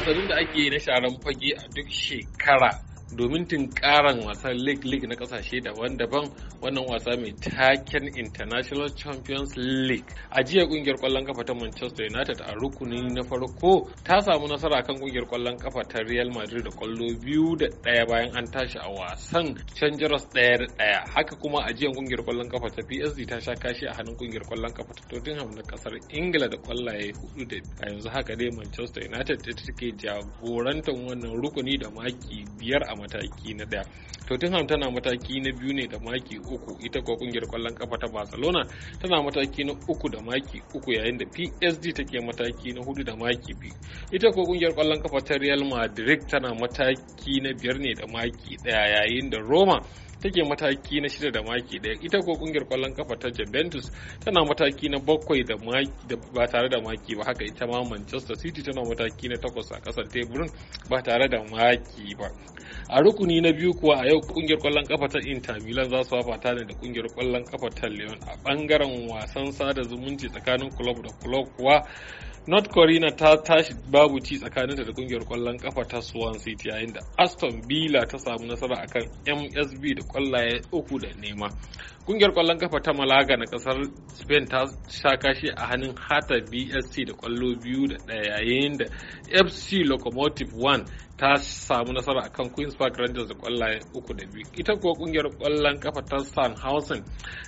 wasannin da ake na sharan fage a duk shekara domin karan wasan league league na kasashe daban-daban wannan wasa mai taken international champions league a jiya kungiyar kwallon kafa ta manchester united a rukuni na farko ta samu nasara kan kungiyar kwallon kafa ta real madrid da kwallo biyu da daya bayan an tashi a wasan changers daya da daya haka kuma a jiya kungiyar kwallon kafa ta psd ta sha kashi a hannun kungiyar kwallon kafa ta tottenham na kasar ingila da kwallaye hudu da a yanzu haka dai manchester united ta take jagorantar wannan rukuni da maki biyar a mataki na daya tottenham tana mataki na biyu ne da maki uku ita kuwa kungiyar kwallon kafa ta barcelona tana mataki na uku da maki uku yayin da psd take mataki na hudu da maki biyu ita kuwa kungiyar kwallon kafa ta real madrid tana mataki na biyar ne da maki daya yayin da roma take mataki na shida da maki daya ita ko kungiyar kwallon kafa ta Juventus tana mataki na bakwai da maki ba tare da maki ba haka ita ma Manchester City tana mataki na takwas a kasar teburin ba tare da maki ba a rukuni na biyu kuwa a yau kungiyar kwallon kafa ta Inter Milan za su wafa ne da kungiyar kwallon kafa ta Lyon a bangaren wasan sada zumunci tsakanin club da club kuwa North Korea ta tashi babu ci tsakaninta da kungiyar kwallon kafa ta Swansea yayin da Aston Villa ta samu nasara akan MSB da kwallaye uku da nema kungiyar kwallon kafa ta malaga na kasar spain ta sha kashi a hannun hata bsc da kwallo biyu da ɗaya yayin da fc locomotive ta samu nasara akan Queen's Park Rangers da kwallaye uku da biyu. Ita kuwa kungiyar kwallon kafa ta san Sandhausen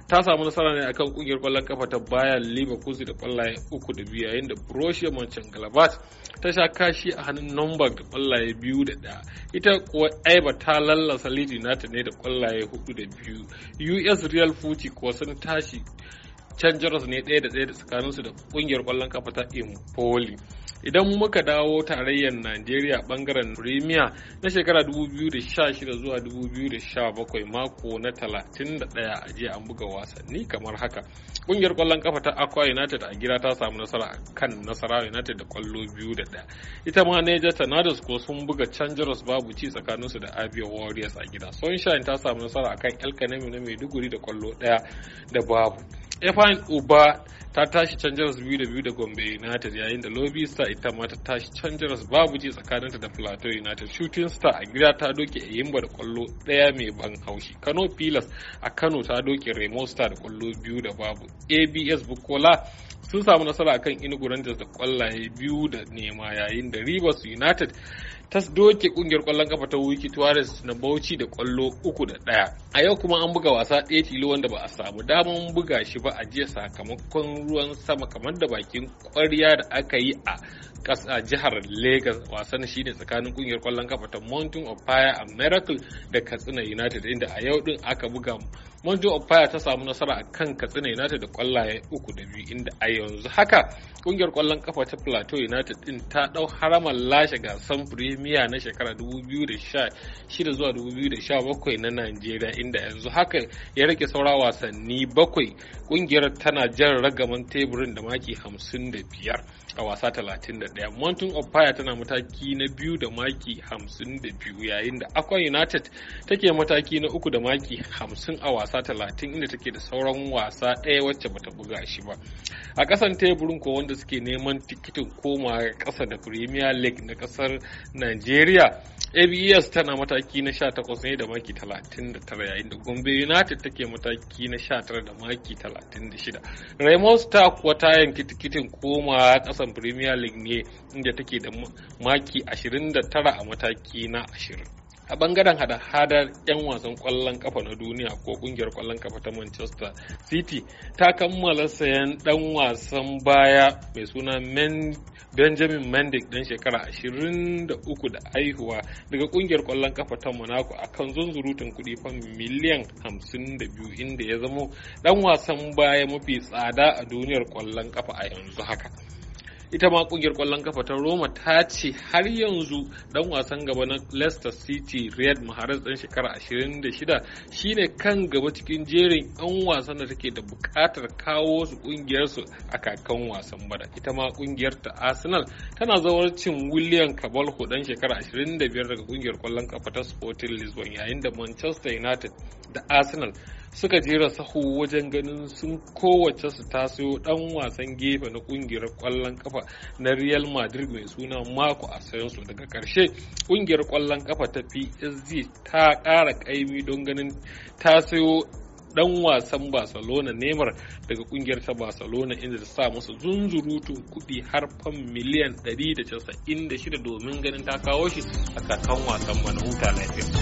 ta samu nasara ne akan kungiyar kwallon kafa ta Bayern Leverkusen da kwallaye uku da biyu yayin da Borussia Mönchengladbach ta sha kashi a hannun Nürnberg da kwallaye biyu da ɗaya. Ita kuwa Aiba ta lallasa Leeds United ne da kwallaye hudu da biyu. US Real Fuji kuwa sun tashi can ne ɗaya da ɗaya da tsakaninsu da kungiyar kwallon kafa ta Impoli. idan muka dawo tarayyar najeriya bangaren premier na shekara 2016 zuwa 2017 mako na 31 a jiya an buga wasanni kamar haka kungiyar kwallon kafa ta aqua united a gida ta samu nasara kan nasara united da kwallo biyu da daya ita ma niger tornadoes ko sun buga changers babu ci tsakaninsu da abia warriors a gida sunshine ta samu nasara akan el kanemi na maiduguri da kwallo daya da babu Efan Uba ta tashi canjaras biyu da biyu da Gombe United yayin da Lobby Star ita ma ta tashi can babu ji tsakaninta da Plateau United Shooting Star a gida ta doke Eyimba da kwallo daya mai ban haushi. Kano Pilas a Kano ta doke Remo Star da kwallo biyu da babu. ABS Bukola sun samu nasara akan Inugu Rangers da kwallaye biyu da nema yayin da Rivers United ta doke kungiyar kwallon kafa ta wiki tuwares na bauchi da kwallo uku da daya a yau kuma an buga wasa ɗaya tilo wanda ba a samu daman buga shi ba a jiya sakamakon ruwan sama kamar da bakin kwarya da aka yi a kasa jihar lagos wasan shi ne tsakanin kungiyar kwallon kafa ta mountain of fire a miracle da katsina united inda a yau din aka buga mountain of fire ta samu nasara a kan katsina united da kwallaye uku da biyu inda a yanzu haka kungiyar kwallon kafa ta plateau united din ta dau haramar lashe gasar premier miya na shekara 2016 zuwa 2017 na Najeriya inda yanzu haka ya rike saura wasanni bakwai kungiyar tana jan ragaman teburin da maki 55 a wasa 31 Mountain of Fire tana mataki na biyu da maki 52 yayin da Aqua United take mataki na uku da maki 50 a wasa 30 inda take da sauran wasa ɗaya wacce bata buga shi ba a ƙasan teburin ko wanda suke neman tikitin koma ƙasa da Premier League na ƙasar Nigeria Najeriya abs tana mataki na 18 ne da maki 39 yayin da gombe united take mataki na 19 da maki 36 raymond star kuwa ta yanki tikitin koma kasan premier league ne inda take da maki 29 a mataki na 20 a bangaren hada-hadar 'yan wasan kwallon kafa na duniya ko kungiyar kwallon kafa ta manchester city ta kammala sayan dan wasan baya mai suna benjamin mendic dan shekara 23 da aihuwa daga kungiyar kwallon kafa ta monaco a kan zunzurutun kudi fan miliyan 52 inda ya zamo dan wasan baya mafi tsada a duniyar kwallon kafa a yanzu haka ita ma kungiyar kwallon kafa ta roma ta ce har yanzu dan wasan gaba na leicester city riyad mahrez dan shekara 26 shine kan gaba cikin jerin yan wasan da take da bukatar kawo su kungiyar su a kakan wasan bada ita ma kungiyar ta arsenal tana cin william cabalho dan shekara 25 daga kungiyar kwallon kafa ta sporting lisbon yayin da manchester united da arsenal suka jera sahu wajen ganin sun kowace su taso dan wasan gefe na kungiyar kwallon kafa na Real Madrid mai suna mako a sayansu daga karshe kungiyar kwallon kafa ta PSG ta kara kaimi don ganin ta sayo dan wasan Barcelona Neymar daga kungiyar ta Barcelona inda ta sa masa zunzurutun kuɗi har fan miliyan 196 domin ganin ta kawo shi a kakan wasan bana huta lafiya.